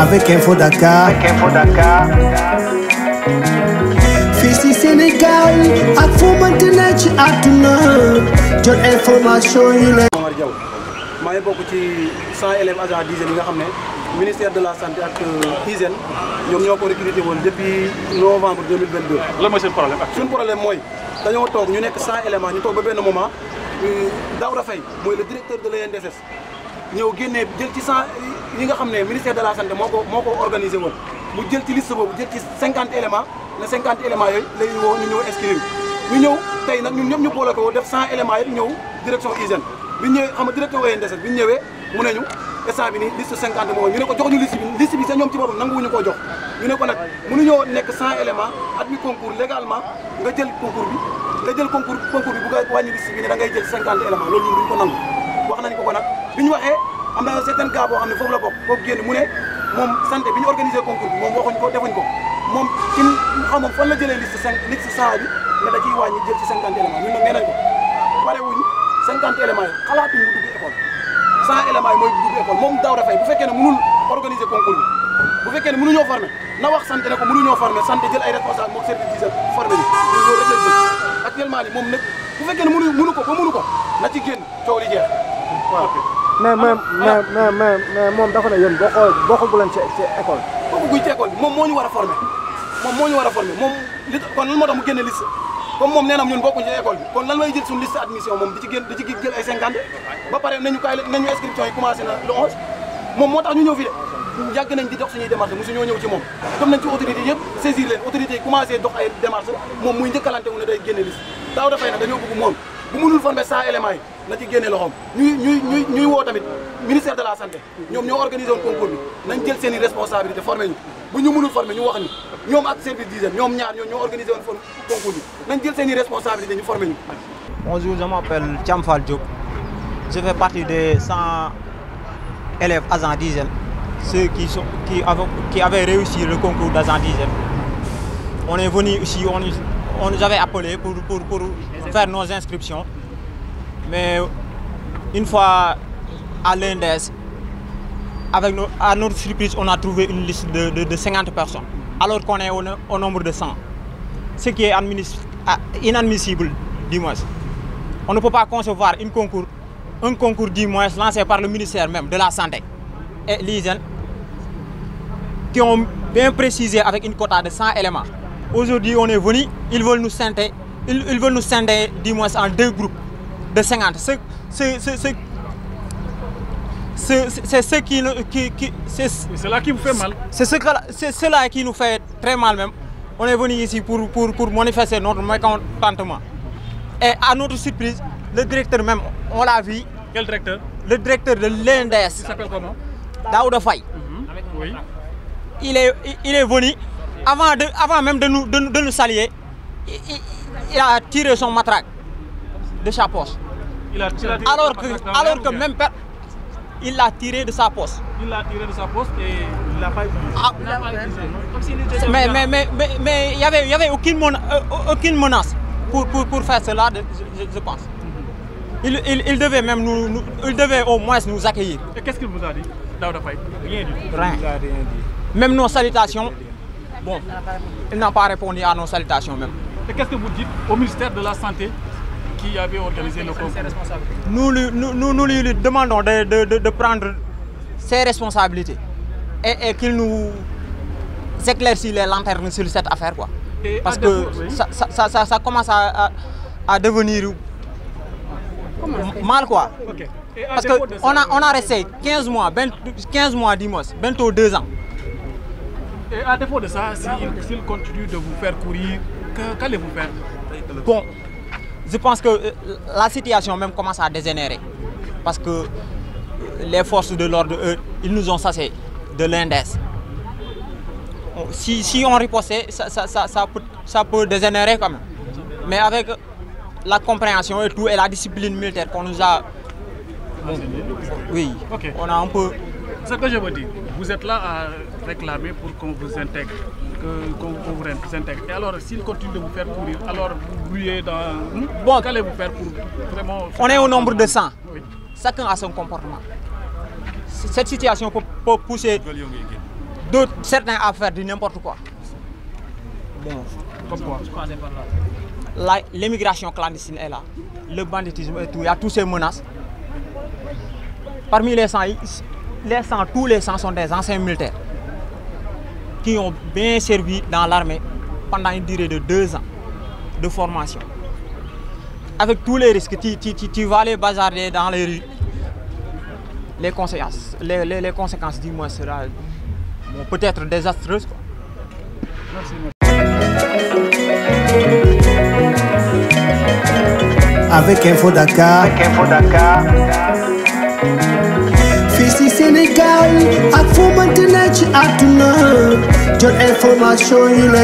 avec Info Dakar. Avec Info Dakar. Fils Sénégal, ak foo mënti ne ci àdduna jot information yu la. Omar Diaw maa ngi ci 100 élèves agents d'hygiène yi nga xam ministère de la santé ak euh, hygiène ñoom ñoo ko recruté depuis novembre 2022. lan c'est seen problème ak. problème c'est dañoo toog ñu 100 éléments ñu sommes ba benn moment euh, Daouda Faye mooy le directeur de l'INDSS ñëw génnee jël ci 100. yi nga xam ne ministère de la santé moo ko moo mu jël ci liste jël ci 50 éléments ne 50 éléments yooyu lay woo ñu ñëw inscrire ñu ñëw tey nag ñun ñëpp ñu boole ko def 100 éléments yëpp ñëw direction hygiène bi ñëwee xam nga directeur ONDS bi ñëwee mu ne ñu instant bi nii moo ñu ne ko jox ñu ne ko nag mënuñoo nekk 100 éléments admis concours légalement nga jël concours bi nga jël concours bi nga jël 50 éléments ko nangu wax nañ ko ko nag bi am na certain cas boo xam ne foofu la bokk foofu génn mu ne moom santé bi ñu organisé bi moom waxuñ ko defuñ ko moom ci xaw ma fan la jëlee liste cinq liste cent ne da ciy wàññi jël ci cinquante éléments ñun ne nee ko pare wuñ cinquante éléments yi xalaatuñ mu dugg école cent éléments mooy dugg école moom daaw dafay bu fekkee ne mënul organiser concours bi bu fekkee ne mënuñoo formé na wax santé ne ko mënuñoo formé santé jël ay responsable moom service d'hygiène formé bi ñun loolu rek lañ actuellement ni moom nag bu fekkee ko ba ko na ci génn mais mais mais mais mais moom dafa ne yéen boo xoo bokkagu leen ci ci école. bokkaguñ ci école moom moo ñu war a formé moom moo ñu war a formé moom li kon lan moo tax mu génne liste comme moom nee na ñun bokkuñ ci école bi kon lan lay jël suñu liste moom di ci génn di ci jël ay cinquante ba pare nañu kaay nañu moom moo tax ñu ñëw fi de. yàgg nañ di dox suñuy démarches mosu ñoo ñëw ci moom dem nañ ci autorité yëpp saisir leen autorité yi commencé dox ay démarches moom muy njëkkalante wu ne day génne liste daaw dafay nag dañoo bëgg moom bu mënul formé cent éléments yi na ci génne loxoom ñuy ñuy ñuy ñuy tamit ministère de la santé Nous avons organisé un concours Nous nañ jël seen responsabilité formé ñu bu ñu mënul formé ñu wax ni ñoom ak service d'hygiène ñoom ñaar nous avons organisé un concours nañ jël seen responsabilité formé ñu bonjour je m'appelle Thiam Diop je fais partie des 100 élèves agents ans. ceux qui sont qui avaient qui avaient réussi le concours 10 ans. on est venu ici on est on nous avait appelé pour, pour, faire nos inscriptions. Mais une fois à l'Indes, avec à notre surprise, on a trouvé une liste de, 50 personnes, alors qu'on est au, nombre de 100. Ce qui est ah, inadmissible, du moi On ne peut pas concevoir une concours, un concours, du lancé par le ministère même de la Santé et l'hygiène, qui ont bien précisé avec une quota de 100 éléments. Aujourd'hui, on est venu, ils veulent nous scinder, ils, ils, veulent nous scinder, dis-moi, en deux groupes de 50. C'est ce qui, qui, cela qui vous fait mal. C'est ce, cela qui nous fait très mal même. On est venu ici pour, pour, manifester notre mécontentement. Et à notre surprise, le directeur même, on l'a vu. Quel directeur Le directeur de l'INDES. Il s'appelle comment Daouda Faye. Mhm. il, est, il est venu avant, avant même de nous, de, nous saluer, il, a tiré son matraque de sa poche. alors que, alors que même il l'a tiré de sa poche. Il l'a tiré de sa poche et il l'a pas utilisé. Ah. mais, mais, mais, mais, mais il n'y avait, y avait aucune, menace, euh, aucune menace pour, pour, pour, faire cela, je, pense. Mhm. Il, il, devait même nous, il devait au moins nous accueillir. Et qu'est-ce qu'il vous a dit, Daouda Faye Rien du Rien. rien dit. Même nos salutations, Bon, il n'a pas répondu à nos salutations même. Et qu'est-ce que vous dites au ministère de la Santé qui avait organisé nos concours nous lui, demandons de, prendre ses responsabilités et, qu'il nous éclaircit les lanternes sur cette affaire. Quoi. Parce que ça, commence à, devenir mal. quoi. Parce qu'on a, on a euh, resté 15 mois, 15 mois, 10 mois, bientôt 2 ans. Et à défaut de ça, s'ils continuent continue de vous faire courir, qu'allez-vous faire Bon, je pense que euh, la situation même commence à dégénérer. Parce que euh, les forces de l'ordre, eux, ils nous ont sassés de l'index. Si, on ripostait, ça, ça, peut, ça peut dégénérer quand même. Mais avec la compréhension et tout, et la discipline militaire qu'on nous a... oui, on a un peu... Ce que je vous dis. vous êtes là à réclamer pour qu'on vous intègre, qu'on vous intègre. Et alors, s'ils continuent de vous faire courir, alors vous bouillez dans... Hmm? Bon, qu'allez-vous faire pour vraiment... On est au nombre de 100. Chacun a son comportement. Cette situation peut, pousser d'autres, certains à faire du n'importe quoi. Bon. Comme quoi L'immigration clandestine est là. Le banditisme et tout. Il y a toutes ces menaces. Parmi les 100, tous les 100 sont des anciens militaires qui ont bien servi dans l'armée pendant une durée de deux ans de formation. Avec tous les risques, tu, tu, vas les bazarder dans les rues. Les conséquences, les, les, conséquences du moins, seront peut-être désastreuses. Avec Info Dakar. Avec Info Dakar. legal, a fumante my show, you information